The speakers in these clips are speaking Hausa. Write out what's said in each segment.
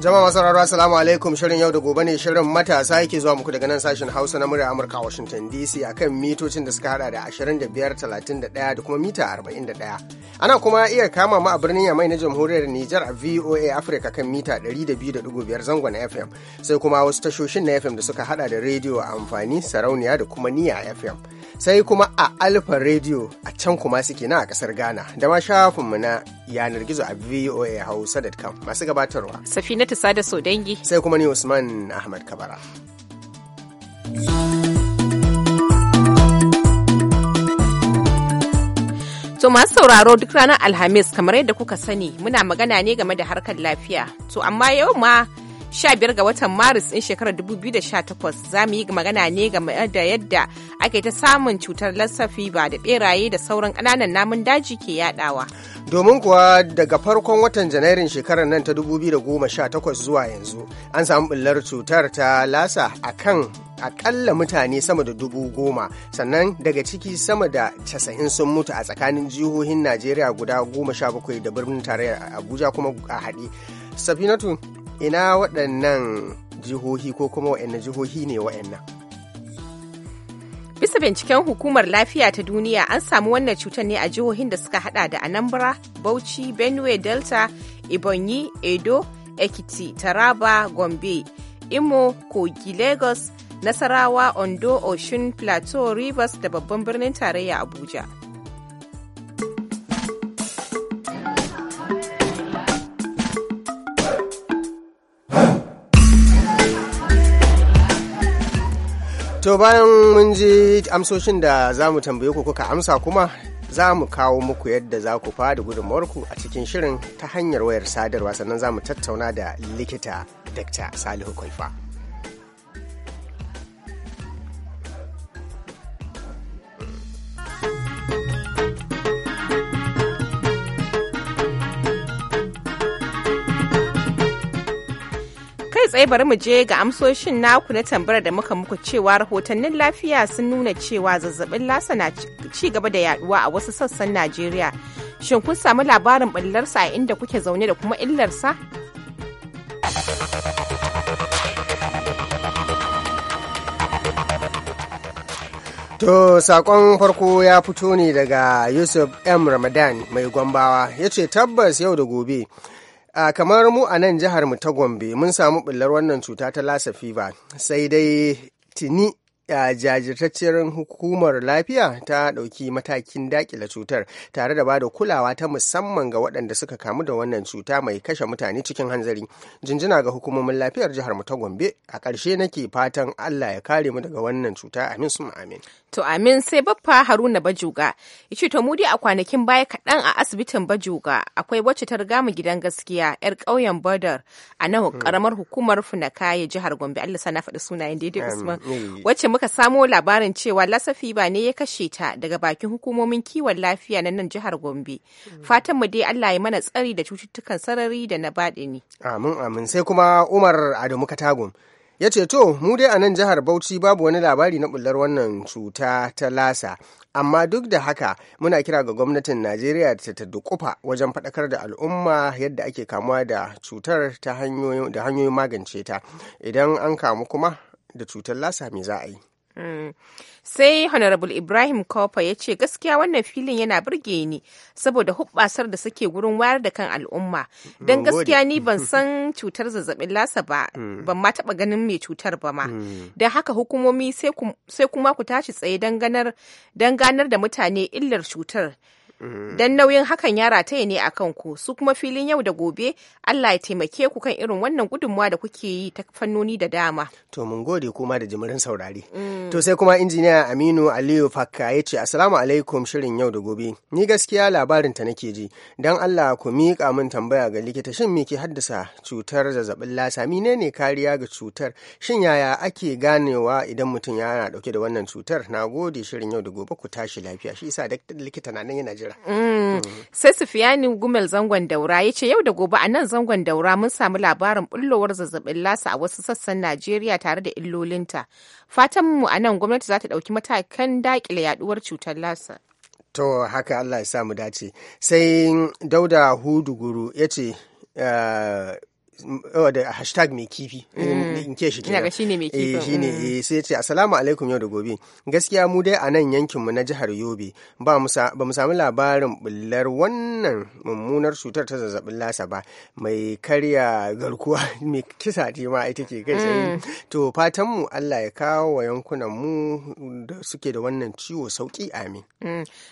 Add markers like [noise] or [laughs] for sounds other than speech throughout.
Jama'a masu rarwa assalamu alaikum shirin yau da gobe ne shirin matasa yake zuwa muku daga nan sashen Hausa na murya Amurka Washington DC akan mitocin da suka hada da 25, 31 da kuma mita 41. Ana kuma iya kama mu a birnin Yamai na Jamhuriyar Nijar a VOA Africa kan mita 200.5 zangon FM sai kuma wasu tashoshin na FM da suka hada da rediyo a amfani sarauniya da kuma niya FM. sai kuma a alfa radio a can kuma suke na a kasar ghana da ma shafinmu na yanar gizo a voa hausa.com masu gabatarwa safinatu sada dangi. sai kuma ni usman ahmad kabara To masu sauraro duk ranar Alhamis kamar yadda kuka sani muna magana ne game da harkar lafiya. To amma yau ma 15 ga watan maris ɗin shekarar 2018 za mu yi magana ne game da yadda ake ta samun cutar lassafi ba da beraye da sauran ƙananan namun daji ke yadawa. Domin kuwa daga farkon watan Janairun shekarar nan ta 2018 zuwa yanzu an samu ɓullar cutar ta lasa a kan akalla mutane sama da dubu goma sannan daga ciki sama da casa'in sun mutu a tsakanin jihohin Najeriya guda goma sha bakwai da birnin tarayyar Abuja kuma a haɗe. Safinatu ina waɗannan jihohi ko kuma waɗannan jihohi ne waɗannan bisa binciken hukumar lafiya ta duniya an samu wannan cutar ne a jihohin da suka hada da anambra bauchi benue delta ebonyi edo ekiti taraba gombe imo kogi lagos nasarawa ondo oshun plateau rivers da babban birnin tarayya abuja To bayan mun ji amsoshin da za mu tambaye ku kuka amsa kuma za mu kawo muku yadda za ku fada gudunmawarku a cikin shirin ta hanyar wayar sadarwa sannan za mu tattauna da likita Dr. Salihu Kwaifa. tsaye bari mu je ga amsoshin naku na tambayar da muka muku cewa rahotannin lafiya sun nuna cewa zazzabin lasa na ci gaba da yaduwa a wasu sassan Najeriya. Shin kun samu labarin ɓallarsa a inda kuke zaune da kuma illarsa? To sakon farko ya fito ne daga Yusuf M. Ramadan mai gwambawa ya ce tabbas yau da gobe. a kamar mu a nan jihar mu ta gombe mun samu bullar wannan cuta ta lasa fever sai dai tuni a jajirtacciyar hukumar lafiya ta ɗauki matakin daƙile cutar tare da bada kulawa ta musamman ga waɗanda suka kamu da wannan cuta mai kashe mutane cikin hanzari jinjina ga hukumomin lafiyar jihar mu ta gombe a ƙarshe nake fatan allah ya kare mu daga wannan cuta amin sun amin To Amin sai baffa Haruna Bajuga ya ce to mudi a kwanakin baya kaɗan a asibitin Bajuga akwai wacce ta riga mu gidan gaskiya yar ƙauyen Badar a nan hmm. ƙaramar hukumar Funakaye jihar Gombe Allah sana faɗi sunayen daidai Usman wacce muka samo labarin cewa lasafi ba ne ya kashe ta daga bakin hukumomin kiwon lafiya na nan jihar Gombe hmm. fatan mu dai Allah ya mana tsari da cututtukan sarari da na baɗini. Amin amin sai kuma Umar Adamu Katagun. ya ce to mu dai a nan jihar bauchi babu wani labari na bullar wannan cuta ta lasa amma duk da haka muna kira ga gwamnatin najeriya ta ta wajen faɗakar da al'umma yadda ake kamuwa da cutar ta hanyoyin magance ta idan an kamu kuma da cutar lasa me za a yi Sai Honorable Ibrahim Kofa ya ce gaskiya wannan filin yana burge ni saboda hubbasar da suke gurin wayar da kan al'umma. Don gaskiya ni ban san cutar zazzabin lasa ba, mm. ban ma taɓa ganin mai cutar ba ma. Mm. Don haka hukumomi sai kuma ku tashi tsaye don ganar da mutane illar cutar. Mm-hmm. Dan nauyin hakan ya rataye ne a ku su kuma filin yau da gobe Allah ya taimake ku kan irin wannan gudunmuwa da kuke yi ta fannoni da dama. To mun gode kuma da jimirin saurari. Mm. To sai kuma injiniya Aminu Aliyu Fakka ya ce asalamu alaikum shirin yau da gobe. Ni gaskiya labarin ta nake ji. Dan Allah ku miƙa min tambaya ga likita shin me ke haddasa cutar zazzabin lasa mine ne kariya ga cutar shin yaya ake ganewa idan mutum yana dauke da wannan cutar? Na gode shirin yau da gobe ku tashi lafiya. Shi yasa likita na nan yana jira jira. Mm. Mm. Sai Sufiyani Gumel zangon daura ya ce yau da gobe a nan zangon daura mun samu labarin bullowar zazzabin lasa a wasu sassan Najeriya tare da illolinta. fatan mu a nan gwamnati za ta dauki matakan dakile yaduwar cutar lasa. To haka Allah ya samu dace. Sai Dauda Hudu Guru ya ce eh, Oh, da hashtag mai kifi eh, mm. in ke shi kenan shine mai kifi eh, shine mm. eh, sai ce assalamu alaikum yau da gobe gaskiya mu dai a nan yankin mu na jihar Yobe ba mu samu labarin bullar wannan mummunar cutar ta zazzabin lasa ba mai karya garkuwa [laughs] mai kisa ce ma ita ke kai sai mm. to fatan mu Allah ya kawo wa yankunan mu da suke da wannan ciwo sauki amin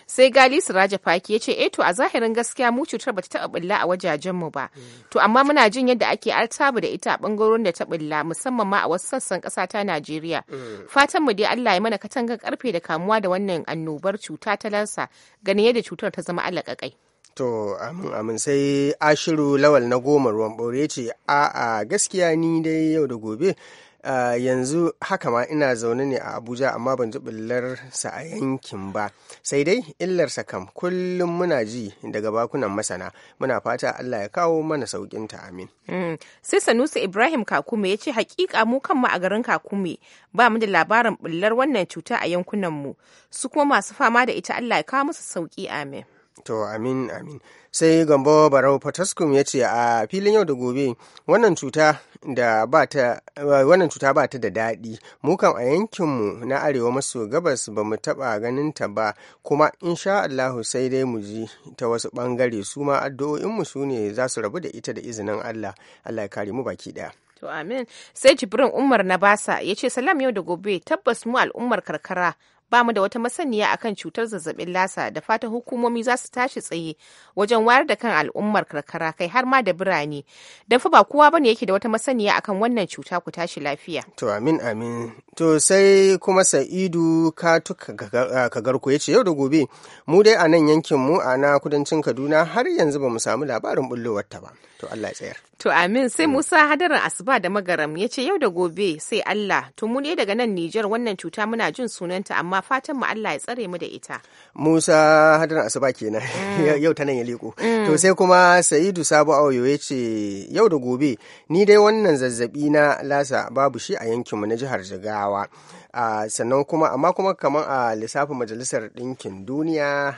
sai Gali Siraja Faki ya ce eh to a zahirin gaskiya mu cutar bata taɓa bulla a wajajen mu ba to amma muna jin yadda ake artabu da ita a bangarorin da ta bulla musamman ma a wasu sassan ƙasa ta Najeriya. Mm. Fatan mu dai Allah ya mana katangar karfe da kamuwa da wannan annobar cuta ta lansa ganin yadda cutar ta zama kai. To, amin amin sai ashiru lawal na goma ruwan bore ce, a'a gaskiya ni dai yau da gobe a yanzu haka ma ina zaune ne a abuja amma ban ji sa a yankin ba sai dai illarsa kam kullum muna ji daga bakunan masana muna fata allah ya kawo mana saukin ta amin mm. sai sanusi ibrahim kakume ya ce hakika mu kanmu a garin kakume ba mu da labarin bullar wannan cuta a yankunan mu su kuma masu fama da ita allah ya kawo musu sauki amin to amin amin sai gambo barau potaskum ya ce a filin yau da gobe wannan cuta da ba ta wannan cuta ba ta da daɗi mu kam a yankinmu na arewa maso gabas ba mu taɓa ganin ta ba kuma insha Allahu sai dai mu ji ta wasu ɓangare su ma addu'o'inmu su ne za su rabu da ita da izinin Allah Allah ya kare mu baki ɗaya. To amin. Sai Jibrin Umar na basa ya ce salam yau da gobe tabbas mu al'ummar karkara ba mu da wata masaniya akan cutar zazzabin lasa da fatan hukumomi za su tashi tsaye wajen wayar da kan al'ummar karkara kai har ma da birane don fa ba kowa ne yake da wata masaniya akan wannan cuta ku tashi lafiya to amin amin to sai kuma sa'idu ka garko ya ce yau da gobe mu dai a nan yankin mu a na kudancin kaduna har yanzu ba mu samu labarin bullowar ta ba to allah ya tsayar To amin sai mm. Musa hadarin asuba da magaram ya ce yau da gobe sai Allah to mu ne daga nan Nijar wannan cuta muna jin sunanta amma fatan mu Allah ya tsare mu da ita. Musa hadarin asuba kenan mm. [laughs] yau ta nan ya leko. Mm. To sai kuma Sa'idu Sabo Auyo ya ce yau da gobe ni dai wannan zazzabi na lasa babu shi a yankinmu na jihar Jigawa. sannan kuma amma kuma kamar a lissafin majalisar ɗinkin duniya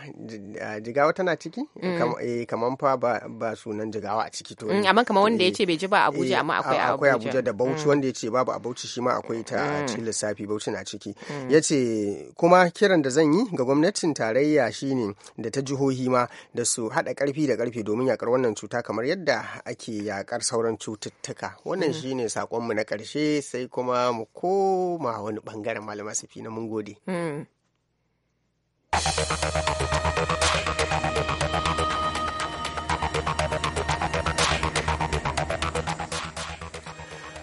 jigawa tana ciki mm. eh, kamar fa ba, sunan jigawa a ciki to mm, amma kamar wanda eh, ya ce bai ji ba eh, abuja amma akwai abuja akwai abuja da bauchi mm. wanda ya ce babu a bauchi shi ma akwai ta ci cikin lissafi bauchi na ciki ya ce kuma kiran da zan yi ga gwamnatin tarayya shine da ta jihohi ma da su haɗa ƙarfi da ƙarfe domin yakar wannan cuta kamar yadda ake yakar sauran cututtuka wannan shine saƙonmu na ƙarshe sai kuma mu koma wani bangare bangaren malama safina mun gode. Hmm.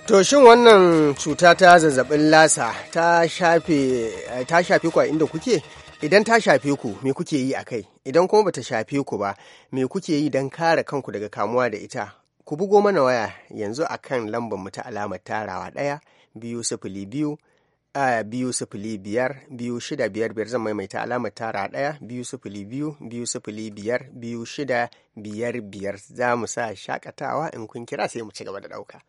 To shin wannan cuta ta zazzabin lasa ta shafe ku a inda kuke? Idan ta shafe ku, me kuke yi a kai? Idan kuma bata shafe ku ba, me kuke yi don kare kanku daga kamuwa da ita? Ku bugo mana waya yanzu a kan lambar mu ta alamar tarawa ɗaya, biyu sifili biyu, biyu sifili biyar biyu shida biyar biyar zan maimaita alamar tara ɗaya biyu sifili biyu biyu sifili biyar biyu shida biyar biyar za mu sa shakatawa in kun kira sai mu ci gaba da ɗauka.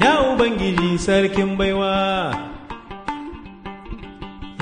Ya Ubangiji sarkin baiwa.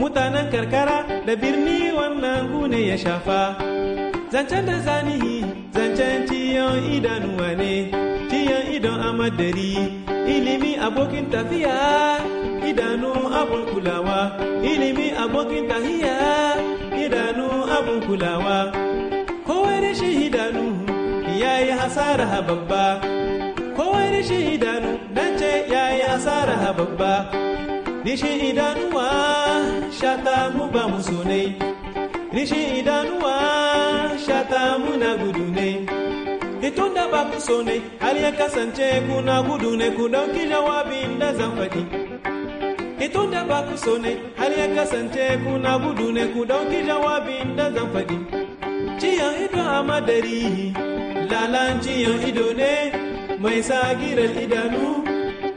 mutanen karkara da birni wannan gune ya shafa zancen da zanihi zancen ciyon idanuwa ne ciyon idon amadari ilimi abokin tafiya idanu abun kulawa ilimi abokin tahiya idanu abun kulawa kowai da shi idanu ya yi hasara babba kowai shi idanu dan ya yi hasara babba rishin idanuwa shata mu ba mu so rishin idanuwa shata mu na gudu ne itun da ba ku so har ya kasance kuna gudu ne ku dauki jawabin da zan faɗi itun da ba ku so har ya kasance na gudu ne ku dauki jawabin da zan faɗi ciyan ido a madari lalan ciyan ido ne mai sagirar idanu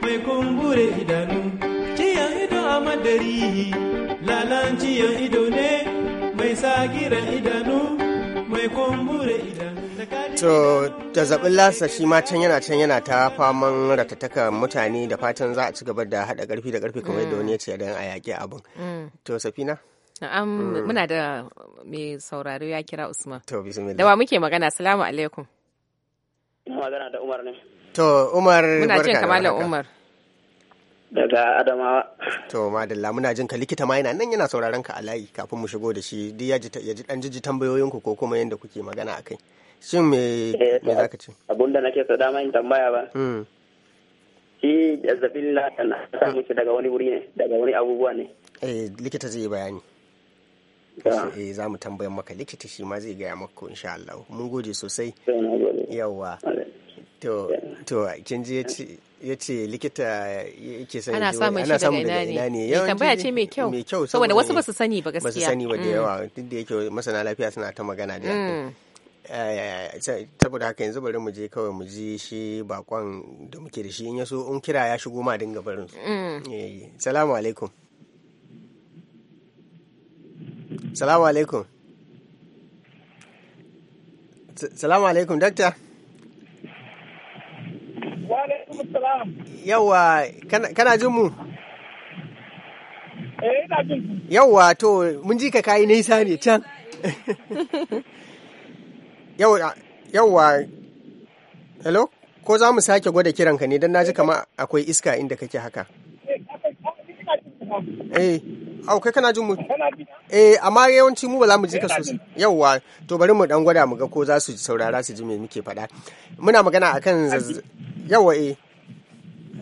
mai kumbure idanu ba madari lalanciya ido ne mai sagira idanu mai kumbure idanu To da zaɓin lasa shi ma can yana can yana ta faman ratataka mutane da fatan za a ci gaba da haɗa ƙarfi da ƙarfi kamar yadda mm. wani ya ce don a yaƙi abin. Mm. To Safina? Na'am mm. muna da mai sauraro ya kira Usman. To bismillah. Da wa muke magana salamu alaikum. Magana da Umar ne. To Umar. Muna jin kamar Umar. daga adamawa to madalla muna jin ka likita ma yana nan yana sauraron ka alayi kafin mu shigo da shi duk ya ji dan jiji tambayoyin ku ko kuma yadda kuke magana akai shin me eh, me zaka ce da nake so dama in tambaya ba hmm. shi zazzabin latan na samu shi daga wani wuri ne daga wani abubuwa ne eh likita zai yi bayani eh za mu tambayar maka likita shi ma zai gaya maka insha Allah mun gode sosai yawa to to kin je ya ce likita yake sani ana samun shi daga ina ne ya tambaya ce mai kyau mai kyau saboda wasu basu sani ba gaskiya basu sani ba da mm. yawa duk da yake masana lafiya suna ta magana da mm. eh, saboda haka yanzu bari mu je kawai mu ji shi bakon da muke da shi in yaso in kira ya shigo ma dinga barin mm. eh, salamu alaikum salamu alaikum salamu alaikum dakta Yawa, kana jin mu? Eh, ina jin ku. Yawa, to, mun ji ka kayi nisa ne can. [laughs] Yawa, yawa, hello? Ko za mu sake gwada kiranka ne don na ji kama akwai iska inda kake haka. Eh, eh au kai kana jin mu? Eh, amma yawanci mu ba za mu ji ka sosai. Yawwa, to bari mu dan gwada mu ga ko za su saurara su ji me muke faɗa. Muna magana akan yawwa eh.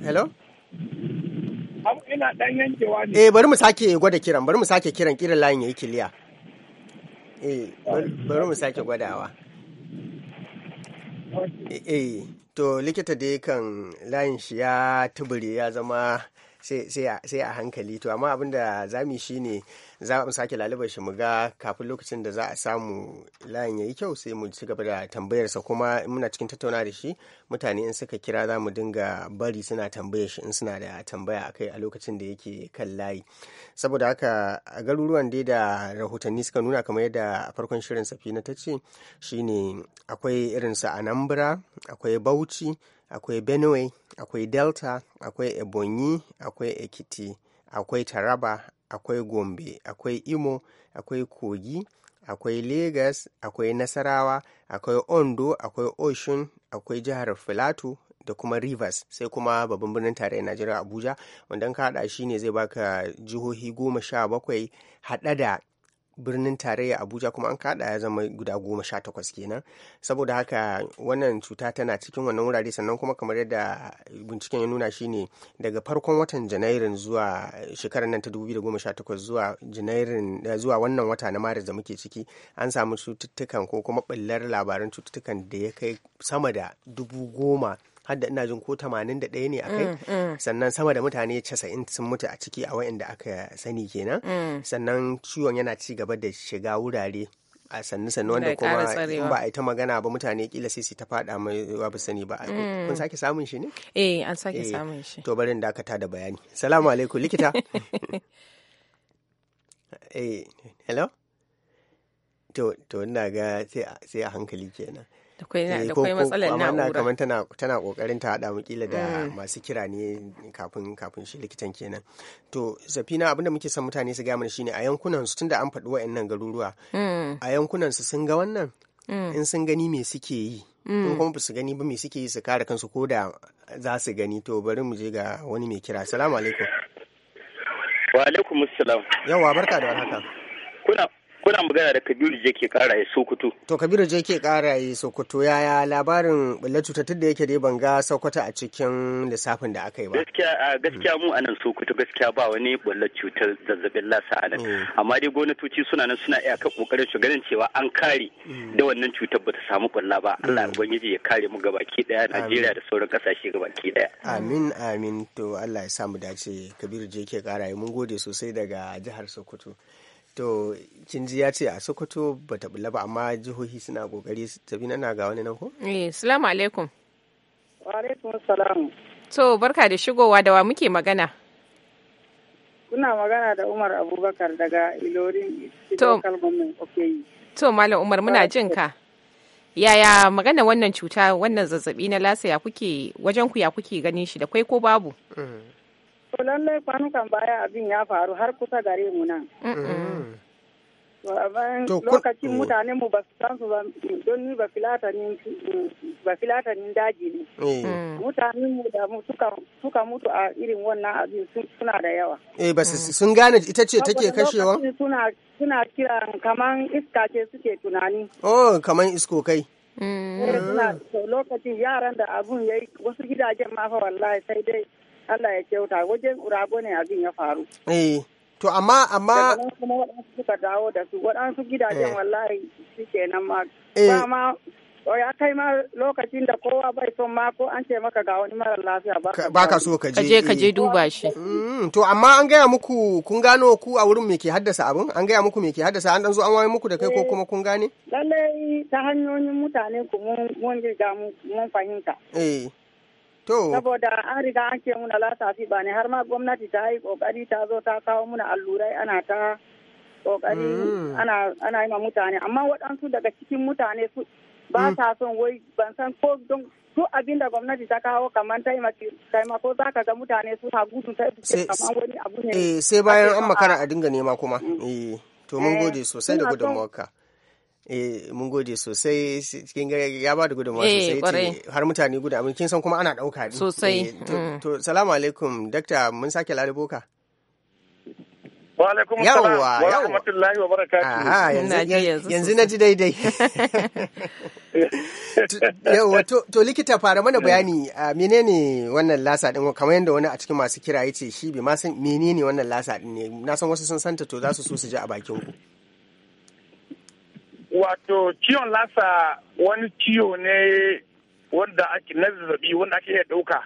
Hello? ina dan yankewa ne. Eh bari mu sake gwada kiran, bari mu sake kiran kiran layin yayi kiliya. Eh bari mu sake gwadawa. Eh, eh to likita da kan layin shi ya tubure ya zama sai a hankali to amma abinda zamu shi ne za mu sake lalibar shi mu ga kafin lokacin da za a samu layin yayi kyau sai mu ci gaba da tambayarsa kuma muna cikin tattauna da shi mutane in suka kira za mu dinga bari suna tambayar shi in suna da tambaya akai a lokacin da yake kan layi saboda haka a garuruwan dai da rahotanni suka nuna kamar yadda da farkon shirin safina ta ce shine akwai irinsa anambra akwai bauchi akwai benue akwai delta akwai ebonyi akwai ekiti akwai taraba akwai gombe akwai imo akwai kogi akwai Legas, akwai Nasarawa, akwai Ondo, akwai Ocean akwai jihar Filato da kuma Rivers, sai kuma babban birnin tarayyar Najeriya Abuja, wanda ka haɗa shi ne zai baka jihohi goma sha bakwai haɗa da birnin tarayya abuja kuma an kada ya zama guda goma sha takwas kenan saboda haka wannan cuta tana cikin wannan wurare sannan kuma kamar yadda binciken ya nuna shine daga farkon watan janairun zuwa shekarar nan ta 2018 zuwa janairun eh, zuwa wannan wata na maris da muke ciki an samu cututtukan ko kuma ɓullar labaran cututtukan da ya kai sama da dubu goma hadda ina jin ko 81 ne kai mm, mm. sannan sama da mutane 90 sun mutu a ciki a da aka sani kenan mm. sannan ciwon yana ci gaba da shiga wurare a sannu-sannu wanda kuma ba a yi ta magana ba mutane kila sai su ta fada mai ba sani ba kun sake samun shi ne eh an sake eh, samun shi to barin dakata da bayani salamu alaikum likita [laughs] eh hello to to ina ga sai a hankali kenan da kwai eh, matsalar na'ura kamar tana tana kokarin ta hada mu da mm. masu kira ne kafin kafin shi likitan kenan to safina abinda muke son mutane su gama shine a yankunan su tunda an faɗi wa'annan garuruwa mm. a yankunan su sun ga wannan mm. in sun gani me suke yi in kuma su gani ba me suke yi su kare kansu ko da za su gani to bari mu je ga wani mai kira assalamu alaikum wa alaikum assalam yawa barka da warhaka kuna kuna magana da Kabiru je ke kara ya Sokoto. To Kabiru je ke kara ya Sokoto yaya labarin bulla cutar da yake dai ban ga Sokoto a cikin lissafin da aka yi ba. Gaskiya gaskiya mu anan Sokoto gaskiya ba wani bulla cutar zazzabin lasa a nan. Mm. Amma dai gwamnatoci suna nan suna iya kokarin su ganin cewa an kare mm. da wannan cutar bata samu bulla ba. Mm. Allah ubangiji ya kare mu gabaki daya Najeriya da sauran kasashe gabaki daya. Amin amin to Allah ya samu dace Kabiru je ke kara mun gode sosai daga jihar Sokoto. to cinji ya ce a sokoto ba ta bulla ba amma jihohi suna gogari tafi na ga wani nan ko eh salamu alaikum wa alaikum salam to barka da shigowa da wa muke magana kuna magana da umar abubakar daga ilorin to okeyi to malam umar muna jin ka yaya magana wannan cuta wannan zazzabi na lasa ya kuke wajen ku ya kuke ganin shi da kwai ko babu mm. To lallai kwanukan baya abin ya faru har kusa gare mu nan. Lokacin mutanen mu ba su san su don ni ba filatanin daji ne. Eh. Mutanen mu da mu suka mutu a irin wannan abin suna da yawa. Eh ba sun gane ita ce take kashewa? Suna kira kaman iska ce suke tunani. Oh kaman isko kai. Eh, lokacin yaran da abun ya yi wasu gidajen ma fa wallahi sai dai Allah ya kyauta wajen urago ne abin ya faru. Eh, to amma amma. kuma waɗansu suka dawo da su waɗansu gidajen eh. wallahi shi kenan ma. Eh. Ba ma o ya kai ma lokacin da kowa bai son ma ko an ce maka ga wani mara lafiya ba ka so ka je ka je eh. duba shi mm, to amma an gaya muku kun gano ku a wurin me ke haddasa abin an gaya muku me ke haddasa an dan zo an waye muku da kai ko kuma kun gane Lallai ta hanyoyin mutane ku mun ga mun fahimta eh To. Saboda an riga an ce muna lasafi ba ne har ma gwamnati ta yi kokari ta zo ta kawo muna allurai ana ta kokari mm. ana yi ma mutane amma waɗansu daga cikin mutane su ba mm. sa son wai ban san ko don su abin da gwamnati ta kawo kamar ta yi ko za ka ga mutane su ta gudu ta yi kamar wani abu ne. Eh, sai bayan an makara a dinga nema kuma. Mm. Eh, to mun gode sosai da gudunmawarka. Eh, mun gode sosai cikin ya ba da gudunmawa eh, sosai har mutane guda mun kin san kuma ana dauka din sosai eh, mm. to salamu alaikum dakta mun sake lalubo boka wa alaikum salam wa rahmatullahi wa barakatuh yanzu na ji daidai [laughs] yawa to likita fara mana mm. bayani ah, menene wannan lasa din kamar yadda wani a cikin masu kira yace shi bi ma san menene wannan lasa din ne na san wasu sun santa to za su so su ji a bakin ku Wato ciwon lasa wani ciwo ne wanda ake na zazzabi wanda ake iya ɗauka.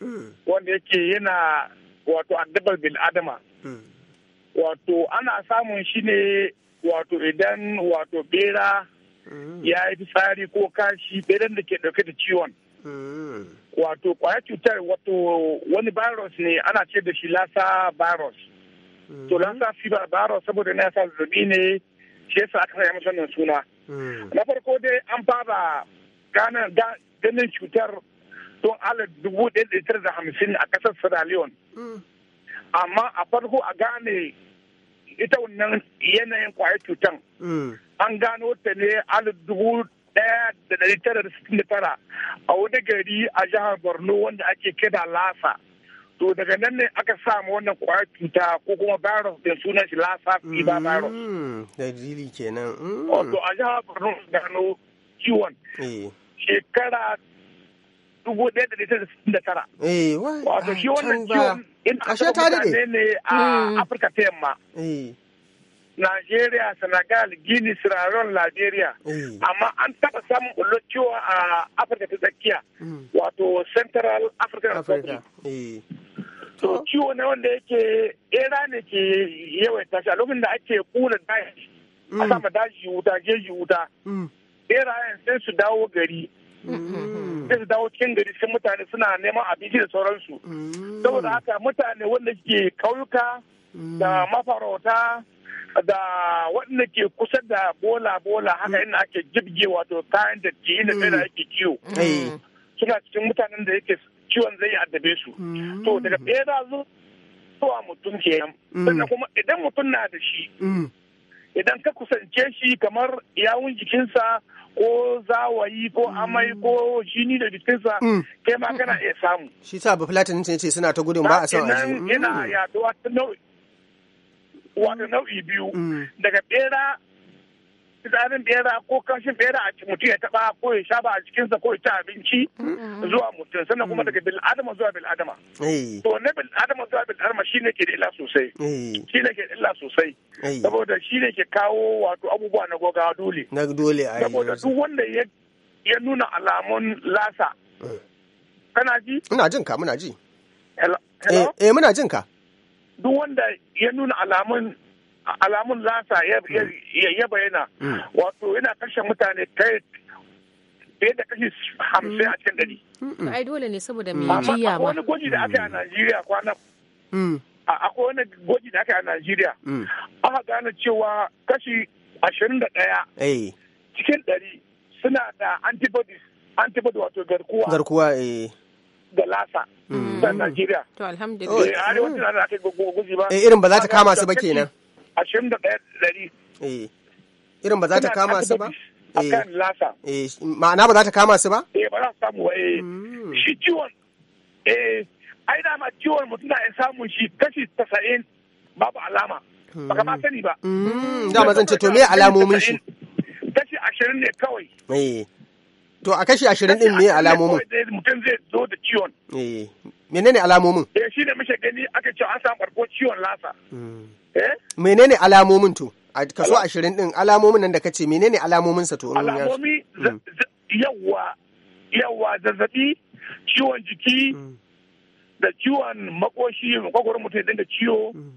Hmm. Wanda yake yana wato addabar adama. Hmm. Wato ana samun shi ne wato idan wato bera hmm. ya yi fitsari ko kashi beran da ke ɗauke da ciwon. Wato kwaya cutar wato wani virus ne ana ce da shi lasa virus. To lasa fever virus saboda na yasa zazzabi ne shi yasa aka saya masa wannan suna hmm. na farko dai an fara ganin cutar don ala dubu ɗaya da da hamsin a ƙasar sierra leone hmm. amma a farko a gane ita wannan yanayin kwayar cutar hmm. an gano ta ne ala dubu ɗaya da ɗari tara da sittin da tara a wani gari a jihar borno wanda ake kira lasa to daga nan ne aka samu wannan kwayar cuta ko kuma virus da sunan shi lassa fever mm, virus dalili kenan wato mm. oh, a jihar borno gano ciwon eh. shekara 1969 eh, wato shi wannan ciwon in a ta ne a mm. afirka ta yamma eh. Nigeria, Senegal, Guinea, Sierra Leone, Liberia. Amma an taɓa samun ɓullo ciwo a Afirka ta tsakiya, wato Central African Republic. to oh. ciwo ne wanda yake era ne ke yawaita shi a lokacin da ake kuna daji a mm. sama daji wuta jeji wuta mm. yan sai su dawo gari mm. sai su dawo cikin gari sai mutane suna neman abinci da sauransu saboda haka mutane wanda ke kauyuka da mafarauta da waɗanda ke kusa da bola-bola haka ina ake jibge wato kayan da ke inda tsira yake kiwo suna cikin mutanen da yake ciwon zai addabe su mm. to daga zo zuwa mutum kenan mm. sannan kuma idan mutum na da shi mm. idan ka kusance shi kamar yawun jikinsa ko zawayi ko amai ko jini da jikinsa kai ma kana iya samu shi sa ba platinum ce suna ta gudun ba a san Ina yaduwa ta nau'i nau'i biyu daga bera fitsarin da ya ra ko kashin da ya ra a mutum ya taba ko ya sha ba a cikinsa ko ya ci abinci zuwa mutum sannan kuma mm. daga bil adama zuwa bil adama oh. to ne bil adama zuwa bil adama shine ke da illa sosai oh. shine ke da illa sosai oh. saboda shine ke kawo wato abubuwa na goga dole na dole a saboda duk wanda ya nuna alamun lasa mm. kana ji ina jin ka muna ji eh, eh muna jin ka duk wanda ya nuna alamun alamun lasa ya hmm. bayyana hmm. wato yana kashe mutane kai fiye da kashi hamsin a cikin gani. Hmm. ai dole ne saboda mai jiya ba. wani gwaji da aka yi a Najeriya kwana. Akwai wani gwaji da aka yi a Najeriya. Aka gane cewa kashi ashirin da ɗaya. Eh. Cikin ɗari suna da antibodies antibody wato garkuwa. Garkuwa eh. da lasa. Da Najeriya. To alhamdulillah. Eh arewacin da aka yi guji ba. Eh irin ba za ta kama su ba kenan. ashirin da ɗaya ɗari. Eh, irin ba za ta kama su ba? kan eh. lasa. Eh, ma'ana ba za ta kama su ba? Eh, ba za su samu ba. Eh, hmm. shi ciwon, eh, ai dama ciwon mutum na samun shi kashi tasa'in babu alama. Ba ka ma hmm. sani ba. Hmm. Dama zan ce to me alamomin shi? Kashi ashirin ne kawai. Eh. To a kashi ashirin din me alamomin? Mutum zai zo da ciwon. Eh. Menene alamomin? Eh shi ne muke gani aka ce an samu farko ciwon lasa. menene alamomin to a kaso ashirin din alamomin nan da ka ce menene alamomin sa to alamomi hmm. yawa yawa zazzabi ciwon jiki hmm. da ciwon makoshi kwakwaron mutum idan da ciwo hmm.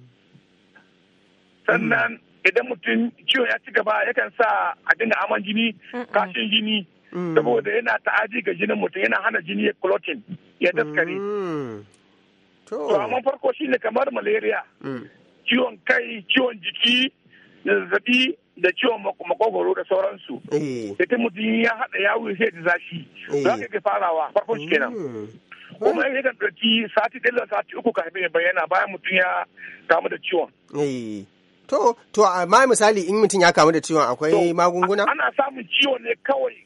sannan idan mutum ciwon ya ci gaba yakan sa a dinga aman jini kashin jini saboda yana ta'aji ga jinin mutum yana hana jini ya clotting ya daskare to amma farko shine kamar malaria ciwon kai ciwon jiki zazzabi da ciwon makogwaro da sauransu eh. da ta mutum ya haɗa yawo sai da zafi eh. za ka ke farawa farko shi kenan hmm. kuma ya kan ɗauki sati ɗaya sati uku kafin ya bayyana bayan mutum ya kamu da ciwon eh. to to amma misali in mutum ya kamu da ciwon akwai magunguna ana samun ciwon ne kawai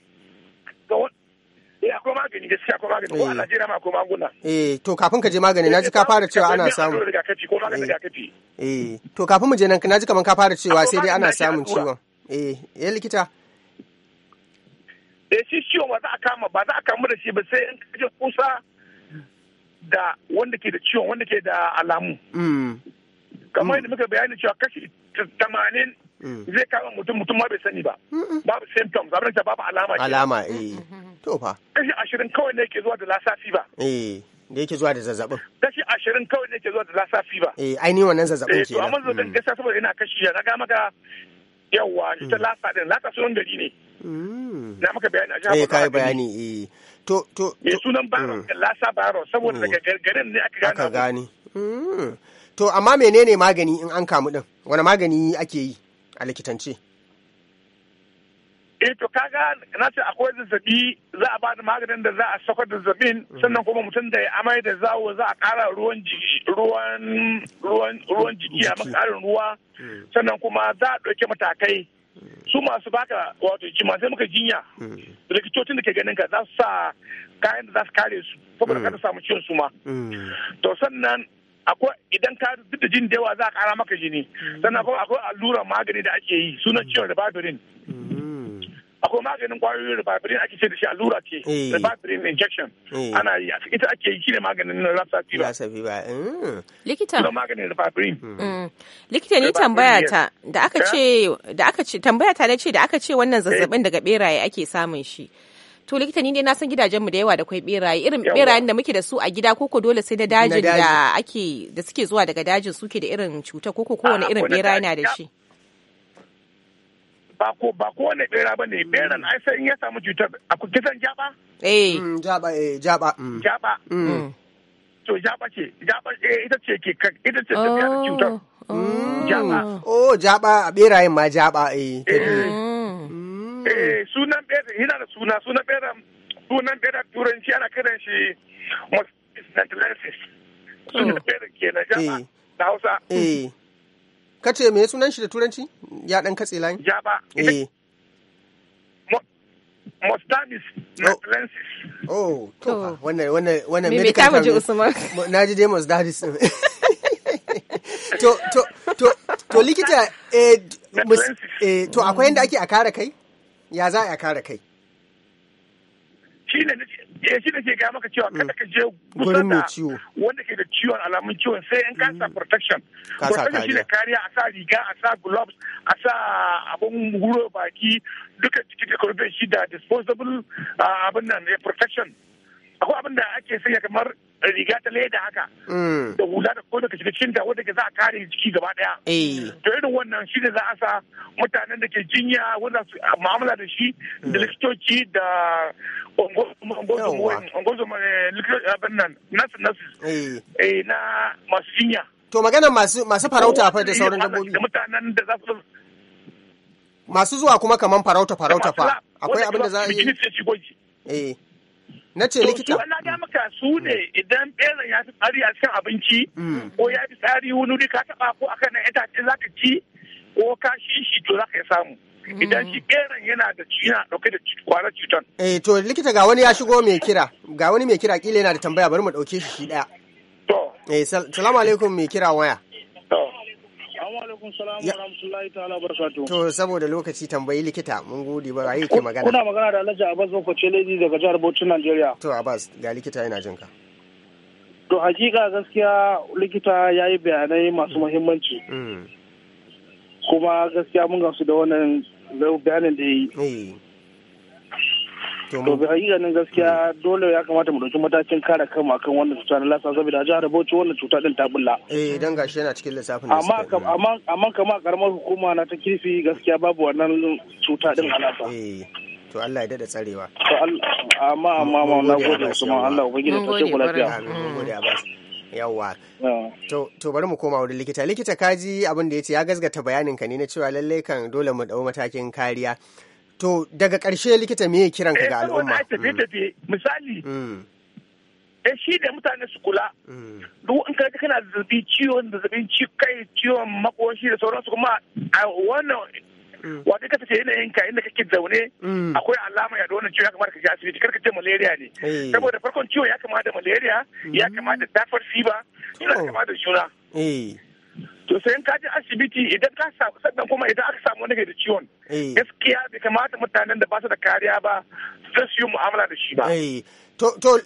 Eh akwai magani gaskiya akwai magani ko a eh. Najeriya ma akwai maguna. Eh to kafin ka je magani naji ka eh, fara cewa ana samu. Rigakafi ko maganin eh. rigakafi. Eh to kafin mu je nan naji kaman ka fara cewa sai dai ana samun ciwon. Eh ya likita. Eh shi ciwon ba za a kama ba za a kamu da shi ba sai in kaje kusa da wanda ke da ciwon wanda ke da alamu. Mm. kamar mm. yadda muka bayani cewa kashi tamanin mm. zai kama mutum mutum ma bai sani ba babu symptoms abin da babu alama alama eh mm-hmm. To fa. Kashi ashirin kawai ne ke zuwa da lasafi ba. Eh. da yake zuwa da zazzabin. Kashi ashirin kawai ne yake zuwa da lasa fiba. Eh, ainihin wannan zazzabin ke. Eh, to amma zo da mm. gaskiya saboda ina kashi ya raga maka yawa ita mm. lasa din lasa sunan gari ne. Mm. Na maka bayani a jihar Eh, kai bayani eh. To to. Eh, sunan baro lasa baro saboda daga gargarin ne aka gane. Aka gane. To amma menene magani in an kamu din? Wani magani ake yi a likitance? eh to kaga na ce akwai zazzabi za a ba maganin da za a da zazzabin mm. sannan kuma mutum da ya amai da zawo za a kara ruwan jiki ruwan ruwan ruwan jiki a makarin ruwa mm. sannan kuma za a ɗauki matakai mm. su masu baka wato jima sai muka jinya likitocin da ke ganin ka za su sa kayan da za su kare su saboda ka samu ciwon su ma to sannan akwai idan ka duk da jin da yawa za a kara maka jini sannan kuma akwai allurar magani da ake yi sunan ciwon ribavirin akwai maganin kwayoyin ribavirin ake ce da shi allura ce eh. ribavirin injection eh. ana yi a ita ake yi shine maganin rasa fever likita da maganin ribavirin mm. likita ne mm. Mm. tambaya ta da aka eh? ce da aka ce tambaya ta ce da aka ce wannan zazzabin daga beraye ake samun shi to likita ni dai na san gidajen mu da yawa da kwai beraye irin berayen da muke da su a gida koko dole sai da dajin da ake da suke zuwa daga dajin suke da irin cuta koko kowane ah, irin beraye na da shi ba ko ba ko wani bera ba ne mm. beran ai sai in ya samu cutar akwai kisan jaba eh mm, jaba eh jaba mm. jaba to jaba ce jaba eh, ita ce ke ita ce ta da oh, cutar oh. jaba oh jaba a berayen ma jaba eh eh. eh sunan bera yana da suna sunan bera sunan bera turanci ana kiran shi mosquitoes mosquitosis oh. sunan bera kenan jaba eh. da Hausa eh kace me sunan shi da turanci ya dan katse layin Ya ba eh Mostadis Neplensis. Oh. oh, to wannan wannan wannan me ka term. Usman. Na ji dai Mostadis. [laughs] To to to to likita eh, eh to akwai inda ake a kare kai? Ya za a kare kai? Shi ne eh shi da ke gaya maka cewa kada ka je mm. kusa da wanda ke da ciwon alamun ciwon sai in kasa mm. protection protection shi ne kariya a sa riga a sa gloves a sa abin huro baki duka cikin da shi da disposable ah, abin nan eh, protection akwai abin da ake sanya kamar riga ta leda haka mm. da hula da kodaka shiga cinta wadda ke za a kare jiki gaba daya eh. to irin wannan shi ne za a sa mutanen da ke jinya wanda su mu'amala da shi da mm. likitoci da eh, likitocin nan nasu nasu eh. na masu jinya to magana masu farauta fa da sauran dabbobi da mutanen da za su masu zuwa kuma kaman farauta farauta fa akwai abin da za a yi eh Na ce likita. To, wannan ga maka su ne idan ɓeran ya fi tsari a cikin abinci, mm. ko ya fi tsari wani wuri ka taba ko akan nan itace za ka ci, ko ka shi shi to za ka samu. Mm. Idan shi beran yana da yana dauke da kwanar cutar. Eh, to likita ga wani ya shigo mai kira, ga wani mai kira kila yana da tambaya bari mu ɗauke shi shi ɗaya. To. Eh, salamu alaikum mai kira waya. Assalamu alaikum salamu wa rahmatullahi ta'ala barakatuh. To saboda lokaci tambayi likita mun gode ba rayu ke magana. Kuna magana da Alhaji Abbas Bakwace Lady daga jihar Bauchi Najeriya. To Abbas ga likita yana jinka. To hakika gaskiya likita ya yi bayanai masu muhimmanci. Mm. Kuma gaskiya mun gasu da wannan bayanin da ya yi. Eh. to bi ganin gaskiya hmm. dole ya kamata mu dauki matakin kare kanmu akan wannan cuta na lasa saboda jihar Bauchi wannan cuta din ta bulla eh dan gashi yana cikin lissafin amma amma amma kamar karamar hukuma na ta kirfi gaskiya babu wannan cuta din a lasa eh to Allah ya dada tsarewa to amma amma amma na gode kuma Allah ubangiji ta ce lafiya amin yawa to bari mu koma wurin likita likita kaji abin da ya ce ya gasgata bayanin ka ne na cewa lallai kan dole mu dau matakin kariya To daga ƙarshe likita me kiran ka ga eh, al'umma? Eh tafiye tafiye misali. Mm. Mm. Eh shi da mutane su kula. Mm. Duk in ka kana da zazzabi ciwon zazzabin kai ciwon makoshi da sauransu kuma a wannan wanda ka tace yanayin ka inda kake zaune akwai alama ya wannan ciwo ya kamata ka je asibiti kar ka ce malaria ne eh. saboda farkon ciwo ya kamata malaria ya kamata typhoid fever ya kamata juna eh. to sai in ka asibiti idan ka samu sannan kuma idan aka samu wani da ciwon eh. gaskiya bai kamata mutanen da ba su da kariya ba su yi mu'amala da shi ba eh.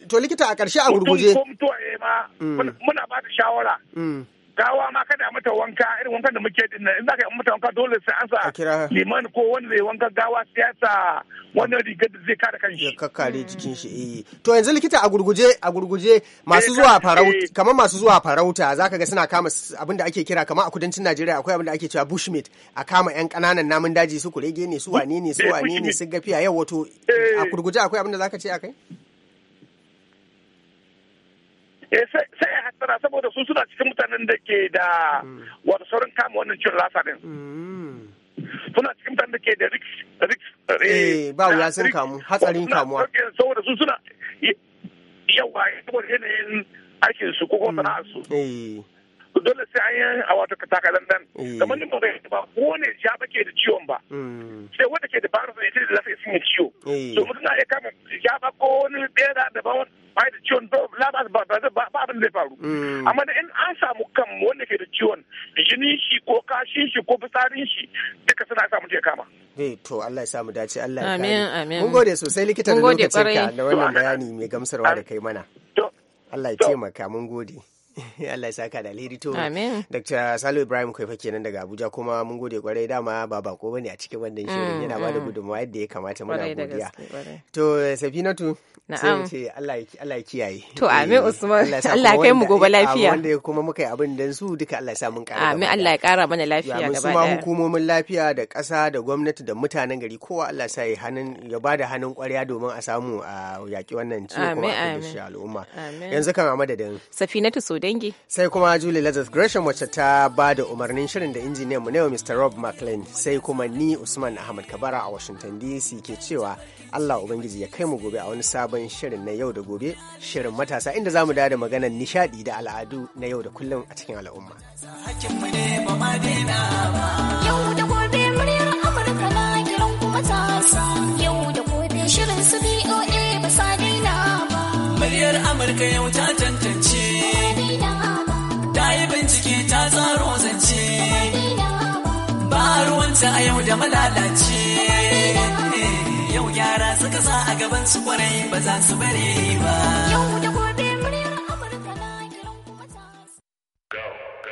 to likita a karshe a gurguje mm. muna ba da shawara mm. gawa ma kada mata wanka irin wankan da muke din in za ka yi mata wanka dole sai an sa liman ko wani zai wanka gawa siyasa wani wannan rigar da zai kare kanshi ya kakkare jikin shi eh to yanzu likita a gurguje a gurguje masu eh, zuwa farauta eh. kamar masu zuwa farauta zaka ga suna kama abin da ake kira kamar a kudancin Najeriya akwai abin da ake cewa bushmeat a kama yan kananan namun daji su kurege ne su wane ne su eh, wane ne su gafiya yau wato a gurguje akwai abin da zaka ce akai Eh, sai ya hatsara saboda su suna cikin mutanen da ke da mm. wato saurin kama wannan cin lasa din mm. suna cikin mutanen da ke da risk risk eh, eh, ba wuya sun kamu hatsarin kamuwa saboda su suna yawa saboda yanayin aikin su ko mm. sana'ar su dole sai an yi a wato katakalan dan mm. kamar ni ba ba ko ne ja bake da ciwon ba mm. sai wanda ke da virus ne da lafiya sun yi ciwo mm. to mutum na iya kama ya ba ko wani bera da ba wani ba da ciwon ba ba ba abin zai faru amma da in an samu kan wanda ke da ciwon jini shi ko kashin shi ko fitsarin shi duka suna samu ya kama Hey, to Allah ya samu dace Allah ya kare. Mun gode sosai likita da ka da wannan bayani mai gamsarwa da kai mana. Allah ya taimaka mun gode. [laughs] Allah ya saka da alheri to Amin. Dr. Salo Ibrahim kai fa kenan daga Abuja kuma mun gode kwarai dama ba bako bane a cikin wannan shirin mm, yana ba da mm. gudunmawa yadda ya kamata muna godiya to Safinatu na'am sai ce Allah ya kiyaye to eh, amin Usman Allah ya [laughs] kai mu gobe lafiya wanda kuma muka yi abin dan su duka Allah ya sa mun kara amin Allah ya kara mana lafiya gaba daya hukumomin lafiya da ƙasa da gwamnati da mutanen gari kowa Allah ya sa ya hannun ya bada hannun ƙwarya domin a samu a yaƙi wannan ciwo kuma a al'umma yanzu kan a madadin Safinatu so dangi. Sai kuma Julie Lazarus Gresham wacce ta ba da umarnin shirin da injiniyan mu ne Mr. Rob McLean sai kuma ni Usman Ahmad Kabara a Washington DC ke cewa Allah Ubangiji ya kai mu gobe a wani sabon shirin na yau da gobe shirin matasa inda za mu da maganar nishadi da al'adu na yau da kullum a cikin al'umma. Yau da gobe muryar Amurka na kiran kuma matasa yau da gobe shirin su ba sa daina ba. Muryar Amurka yau ta tantance. ta tsaro zance ba ruwanta a yau da malalace eh, yau gyara suka sa a gaban su kwarai ba za su bare ba